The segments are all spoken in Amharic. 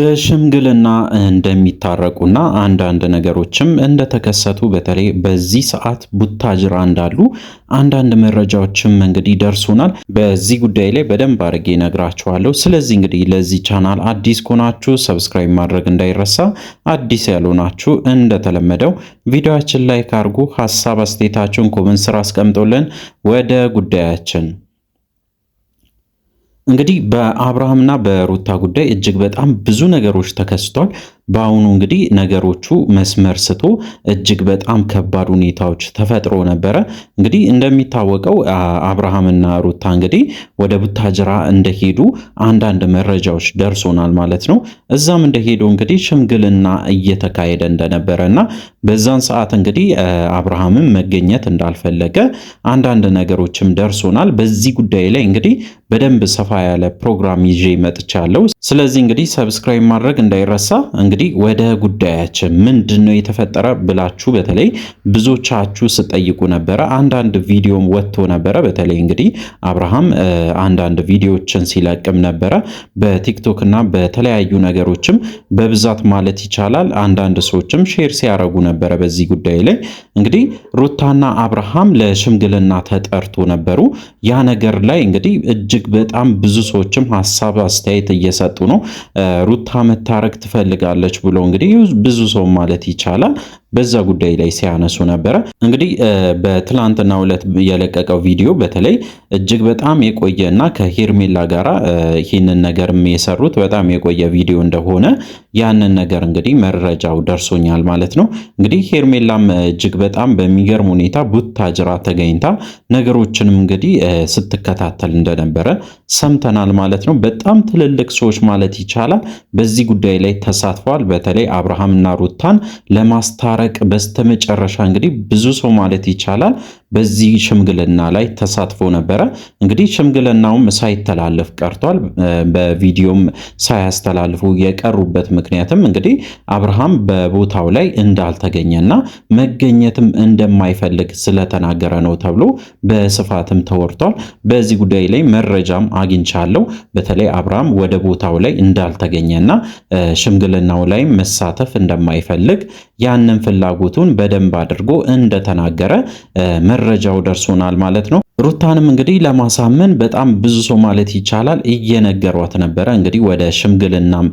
በሽምግልና እንደሚታረቁና አንዳንድ ነገሮችም እንደተከሰቱ በተለይ በዚህ ሰዓት ቡታጅራ እንዳሉ አንዳንድ መረጃዎችም እንግዲህ ደርሶናል። በዚህ ጉዳይ ላይ በደንብ አድርጌ ነግራችኋለሁ። ስለዚህ እንግዲህ ለዚህ ቻናል አዲስ ከሆናችሁ ሰብስክራይብ ማድረግ እንዳይረሳ፣ አዲስ ያልሆናችሁ እንደተለመደው ቪዲዮችን ላይክ አድርጉ፣ ሀሳብ አስተያየታችሁን ኮመንት ስራ አስቀምጦልን ወደ ጉዳያችን እንግዲህ በአብርሃምና በሩታ ጉዳይ እጅግ በጣም ብዙ ነገሮች ተከስቷል። በአሁኑ እንግዲህ ነገሮቹ መስመር ስቶ እጅግ በጣም ከባድ ሁኔታዎች ተፈጥሮ ነበረ። እንግዲህ እንደሚታወቀው አብርሃምና ሩታ እንግዲህ ወደ ቡታጅራ እንደሄዱ አንዳንድ መረጃዎች ደርሶናል ማለት ነው። እዛም እንደሄዱ እንግዲህ ሽምግልና እየተካሄደ እንደነበረ እና በዛን ሰዓት እንግዲህ አብርሃምን መገኘት እንዳልፈለገ አንዳንድ ነገሮችም ደርሶናል። በዚህ ጉዳይ ላይ እንግዲህ በደንብ ሰፋ ያለ ፕሮግራም ይዤ መጥቻለሁ። ስለዚህ እንግዲህ ሰብስክራይብ ማድረግ እንዳይረሳ እንግዲህ እንግዲህ ወደ ጉዳያችን ምንድን ነው የተፈጠረ ብላችሁ በተለይ ብዙዎቻችሁ ስጠይቁ ነበረ። አንዳንድ ቪዲዮም ወጥቶ ነበረ። በተለይ እንግዲህ አብርሃም አንዳንድ ቪዲዮዎችን ሲለቅም ነበረ በቲክቶክ እና በተለያዩ ነገሮችም በብዛት ማለት ይቻላል። አንዳንድ ሰዎችም ሼር ሲያደርጉ ነበረ። በዚህ ጉዳይ ላይ እንግዲህ ሩታና አብርሃም ለሽምግልና ተጠርቶ ነበሩ። ያ ነገር ላይ እንግዲህ እጅግ በጣም ብዙ ሰዎችም ሀሳብ አስተያየት እየሰጡ ነው። ሩታ መታረቅ ትፈልጋለች ብሎ እንግዲህ ብዙ ሰው ማለት ይቻላል በዛ ጉዳይ ላይ ሲያነሱ ነበረ። እንግዲህ በትላንትና ዕለት የለቀቀው ቪዲዮ በተለይ እጅግ በጣም የቆየ እና ከሄርሜላ ጋራ ይህንን ነገር የሰሩት በጣም የቆየ ቪዲዮ እንደሆነ ያንን ነገር እንግዲህ መረጃው ደርሶኛል ማለት ነው። እንግዲህ ሄርሜላም እጅግ በጣም በሚገርም ሁኔታ ቡታጅራ ተገኝታ ነገሮችንም እንግዲህ ስትከታተል እንደነበረ ሰምተናል ማለት ነው። በጣም ትልልቅ ሰዎች ማለት ይቻላል በዚህ ጉዳይ ላይ ተሳትፈዋል። በተለይ አብርሃምና ሩታን ለማስታ ማስታረቅ በስተመጨረሻ እንግዲህ ብዙ ሰው ማለት ይቻላል በዚህ ሽምግልና ላይ ተሳትፎ ነበረ። እንግዲህ ሽምግልናውም ሳይተላለፍ ቀርቷል። በቪዲዮም ሳያስተላልፉ የቀሩበት ምክንያትም እንግዲህ አብርሃም በቦታው ላይ እንዳልተገኘና መገኘትም እንደማይፈልግ ስለተናገረ ነው ተብሎ በስፋትም ተወርቷል። በዚህ ጉዳይ ላይ መረጃም አግኝቻለሁ። በተለይ አብርሃም ወደ ቦታው ላይ እንዳልተገኘና ሽምግልናው ላይ መሳተፍ እንደማይፈልግ ያንን ፍላጎቱን በደንብ አድርጎ እንደተናገረ መረጃው ደርሶናል ማለት ነው። ሩታንም እንግዲህ ለማሳመን በጣም ብዙ ሰው ማለት ይቻላል እየነገሯት ነበረ። እንግዲህ ወደ ሽምግልናም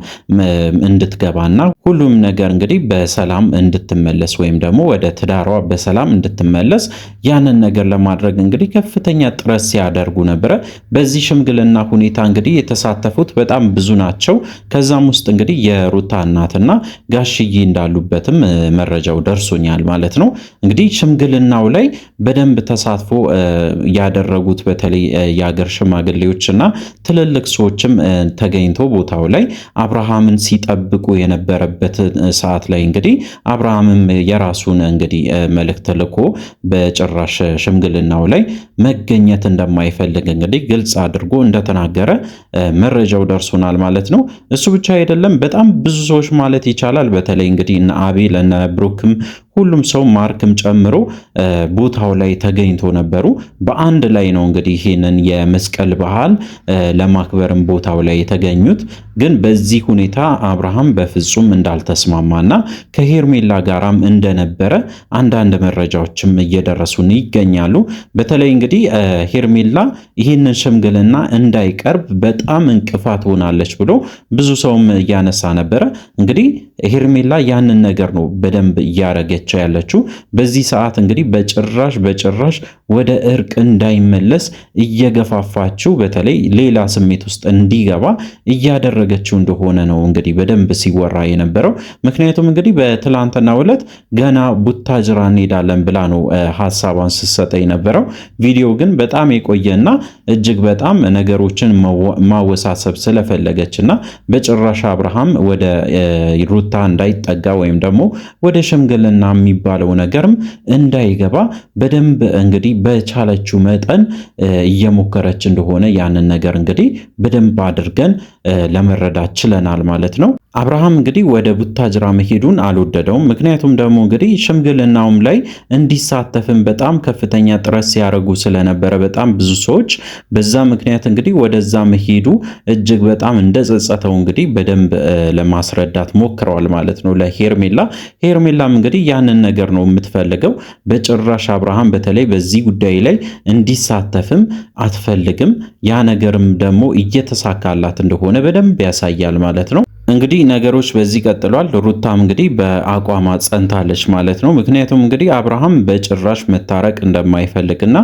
እንድትገባና ሁሉም ነገር እንግዲህ በሰላም እንድትመለስ ወይም ደግሞ ወደ ትዳሯ በሰላም እንድትመለስ ያንን ነገር ለማድረግ እንግዲህ ከፍተኛ ጥረት ሲያደርጉ ነበረ። በዚህ ሽምግልና ሁኔታ እንግዲህ የተሳተፉት በጣም ብዙ ናቸው። ከዛም ውስጥ እንግዲህ የሩታ እናትና ጋሽዬ እንዳሉበትም መረጃው ደርሶኛል ማለት ነው። እንግዲህ ሽምግልናው ላይ በደንብ ተሳትፎ ያደረጉት በተለይ የአገር ሽማግሌዎች እና ትልልቅ ሰዎችም ተገኝቶ ቦታው ላይ አብርሃምን ሲጠብቁ የነበረበት ሰዓት ላይ እንግዲህ አብርሃምም የራሱን እንግዲህ መልእክት ልኮ በጭራሽ ሽምግልናው ላይ መገኘት እንደማይፈልግ እንግዲህ ግልጽ አድርጎ እንደተናገረ መረጃው ደርሶናል ማለት ነው። እሱ ብቻ አይደለም፣ በጣም ብዙ ሰዎች ማለት ይቻላል በተለይ እንግዲህ እነ አቤል እነ ብሩክም ሁሉም ሰው ማርክም ጨምሮ ቦታው ላይ ተገኝቶ ነበሩ። አንድ ላይ ነው እንግዲህ ይህንን የመስቀል በዓል ለማክበርም ቦታው ላይ የተገኙት። ግን በዚህ ሁኔታ አብርሃም በፍጹም እንዳልተስማማና ከሄርሜላ ጋራም እንደነበረ አንዳንድ መረጃዎችም እየደረሱን ይገኛሉ። በተለይ እንግዲህ ሄርሜላ ይህንን ሽምግልና እንዳይቀርብ በጣም እንቅፋት ሆናለች ብሎ ብዙ ሰውም እያነሳ ነበረ። እንግዲህ ሄርሜላ ያንን ነገር ነው በደንብ እያረገች ያለችው። በዚህ ሰዓት እንግዲህ በጭራሽ በጭራሽ ወደ እርቅ እንዳይመለስ እየገፋፋችው በተለይ ሌላ ስሜት ውስጥ እንዲገባ እያደረገችው እንደሆነ ነው እንግዲህ በደንብ ሲወራ የነበረው። ምክንያቱም እንግዲህ በትላንትናው ዕለት ገና ቡታጅራ እንሄዳለን ብላ ነው ሀሳቧን ስትሰጠ የነበረው። ቪዲዮ ግን በጣም የቆየና እጅግ በጣም ነገሮችን ማወሳሰብ ስለፈለገች እና በጭራሽ አብርሃም ወደ ሩታ እንዳይጠጋ ወይም ደግሞ ወደ ሽምግልና የሚባለው ነገርም እንዳይገባ በደንብ እንግዲህ በቻለችው በቻለችው መጠን እየሞከረች እንደሆነ ያንን ነገር እንግዲህ በደንብ አድርገን ለመረዳት ችለናል ማለት ነው። አብርሃም እንግዲህ ወደ ቡታጅራ መሄዱን አልወደደውም። ምክንያቱም ደግሞ እንግዲህ ሽምግልናውም ላይ እንዲሳተፍም በጣም ከፍተኛ ጥረት ሲያደርጉ ስለነበረ በጣም ብዙ ሰዎች በዛ ምክንያት እንግዲህ ወደዛ መሄዱ እጅግ በጣም እንደ ጸጸተው እንግዲህ በደንብ ለማስረዳት ሞክረዋል ማለት ነው ለሄርሜላ። ሄርሜላም እንግዲህ ያንን ነገር ነው የምትፈልገው። በጭራሽ አብርሃም በተለይ በዚህ ጉዳይ ላይ እንዲሳተፍም አትፈልግም። ያ ነገርም ደግሞ እየተሳካላት እንደሆነ በደንብ ያሳያል ማለት ነው። እንግዲህ ነገሮች በዚህ ቀጥሏል። ሩታም እንግዲህ በአቋማ ጸንታለች ማለት ነው። ምክንያቱም እንግዲህ አብርሃም በጭራሽ መታረቅ እንደማይፈልግና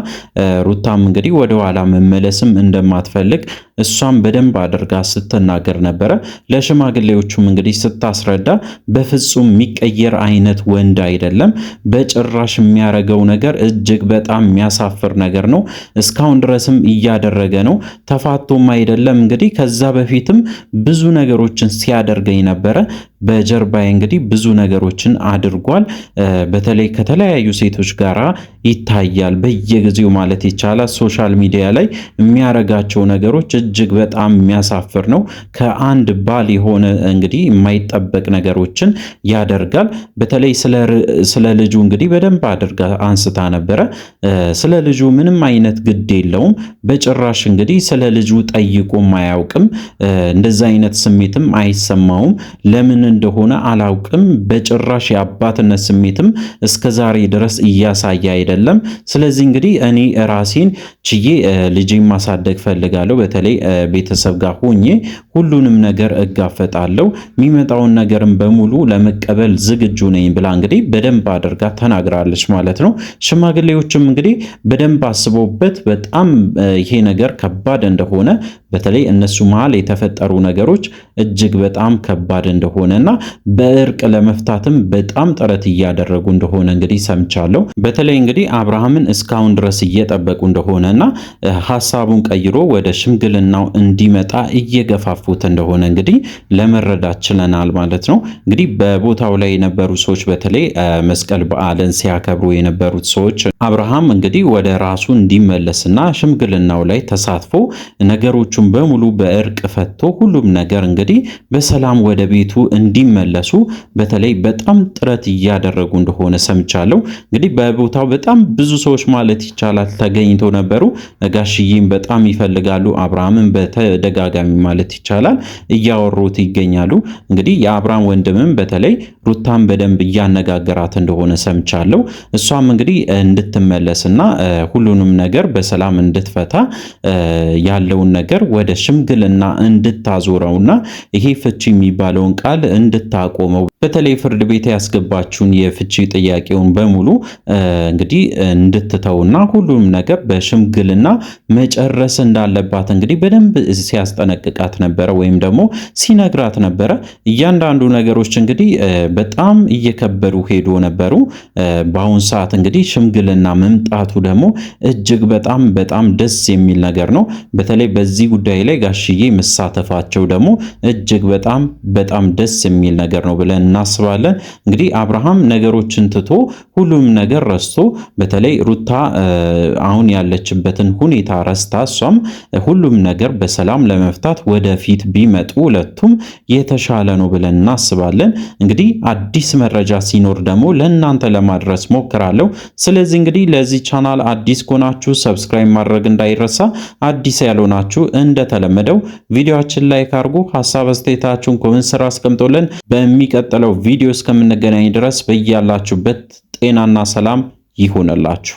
ሩታም እንግዲህ ወደኋላ መመለስም እንደማትፈልግ እሷም በደንብ አድርጋ ስትናገር ነበረ። ለሽማግሌዎቹም እንግዲህ ስታስረዳ በፍጹም የሚቀየር አይነት ወንድ አይደለም። በጭራሽ የሚያረገው ነገር እጅግ በጣም የሚያሳፍር ነገር ነው። እስካሁን ድረስም እያደረገ ነው። ተፋቶም አይደለም እንግዲህ ከዛ በፊትም ብዙ ነገሮችን ሲያ ሲያደርገኝ ነበረ። በጀርባዬ እንግዲህ ብዙ ነገሮችን አድርጓል። በተለይ ከተለያዩ ሴቶች ጋራ ይታያል በየጊዜው ማለት ይቻላል። ሶሻል ሚዲያ ላይ የሚያረጋቸው ነገሮች እጅግ በጣም የሚያሳፍር ነው። ከአንድ ባል የሆነ እንግዲህ የማይጠበቅ ነገሮችን ያደርጋል። በተለይ ስለ ልጁ እንግዲህ በደንብ አድርጋ አንስታ ነበረ። ስለ ልጁ ምንም አይነት ግድ የለውም በጭራሽ። እንግዲህ ስለ ልጁ ጠይቆም አያውቅም። እንደዚ አይነት ስሜትም አይሰማውም። ለምን እንደሆነ አላውቅም። በጭራሽ የአባትነት ስሜትም እስከ ዛሬ ድረስ እያሳየ አይደለም። ስለዚህ እንግዲህ እኔ ራሴን ችዬ ልጄን ማሳደግ ፈልጋለሁ። በተለይ ቤተሰብ ጋር ሆኜ ሁሉንም ነገር እጋፈጣለሁ። የሚመጣውን ነገርም በሙሉ ለመቀበል ዝግጁ ነኝ ብላ እንግዲህ በደንብ አድርጋ ተናግራለች ማለት ነው። ሽማግሌዎችም እንግዲህ በደንብ አስበውበት በጣም ይሄ ነገር ከባድ እንደሆነ በተለይ እነሱ መሀል የተፈጠሩ ነገሮች እጅግ በጣም ከባድ እንደሆነ እና በእርቅ ለመፍታትም በጣም ጥረት እያደረጉ እንደሆነ እንግዲህ ሰምቻለሁ። በተለይ እንግዲህ አብርሃምን እስካሁን ድረስ እየጠበቁ እንደሆነ እና ሀሳቡን ቀይሮ ወደ ሽምግልናው እንዲመጣ እየገፋፉት እንደሆነ እንግዲህ ለመረዳት ችለናል ማለት ነው። እንግዲህ በቦታው ላይ የነበሩ ሰዎች በተለይ መስቀል በዓልን ሲያከብሩ የነበሩት ሰዎች አብርሃም እንግዲህ ወደ ራሱ እንዲመለስና ሽምግልናው ላይ ተሳትፎ ነገሮቹን በሙሉ በእርቅ ፈቶ ሁሉም ነገር እንግዲህ በሰላም ወደ ቤቱ እንዲመለሱ በተለይ በጣም ጥረት እያደረጉ እንደሆነ ሰምቻለሁ። እንግዲህ በቦታው በጣም ብዙ ሰዎች ማለት ይቻላል ተገኝተው ነበሩ። ጋሽዬም በጣም ይፈልጋሉ። አብርሃምን በተደጋጋሚ ማለት ይቻላል እያወሩት ይገኛሉ። እንግዲህ የአብርሃም ወንድምም በተለይ ሩታን በደንብ እያነጋገራት እንደሆነ ሰምቻለሁ። እሷም እንግዲህ እንድትመለስና ሁሉንም ነገር በሰላም እንድትፈታ ያለውን ነገር ወደ ሽምግልና እንድታዞረውና ይሄ ፍቺ የሚባለውን ቃል እንድታቆመው በተለይ ፍርድ ቤት ያስገባችውን የፍቺ ጥያቄውን በሙሉ እንግዲህ እንድትተውና ሁሉም ነገር በሽምግልና መጨረስ እንዳለባት እንግዲህ በደንብ ሲያስጠነቅቃት ነበረ፣ ወይም ደግሞ ሲነግራት ነበረ። እያንዳንዱ ነገሮች እንግዲህ በጣም እየከበዱ ሄዶ ነበሩ። በአሁን ሰዓት እንግዲህ ሽምግልና መምጣቱ ደግሞ እጅግ በጣም በጣም ደስ የሚል ነገር ነው። በተለይ በዚህ ጉዳይ ላይ ጋሽዬ መሳተፋቸው ደግሞ እጅግ በጣም በጣም ደስ ደስ የሚል ነገር ነው ብለን እናስባለን። እንግዲህ አብርሃም ነገሮችን ትቶ ሁሉም ነገር ረስቶ በተለይ ሩታ አሁን ያለችበትን ሁኔታ ረስታ እሷም ሁሉም ነገር በሰላም ለመፍታት ወደፊት ቢመጡ ሁለቱም የተሻለ ነው ብለን እናስባለን። እንግዲህ አዲስ መረጃ ሲኖር ደግሞ ለእናንተ ለማድረስ ሞክራለሁ። ስለዚህ እንግዲህ ለዚህ ቻናል አዲስ ከሆናችሁ ሰብስክራይብ ማድረግ እንዳይረሳ፣ አዲስ ያልሆናችሁ እንደተለመደው ቪዲዮችን ላይክ አድርጉ፣ ሀሳብ አስተያየታችሁን ኮመንት ስራ አስቀምጦ ብለን በሚቀጥለው ቪዲዮ እስከምንገናኝ ድረስ በያላችሁበት ጤናና ሰላም ይሁንላችሁ።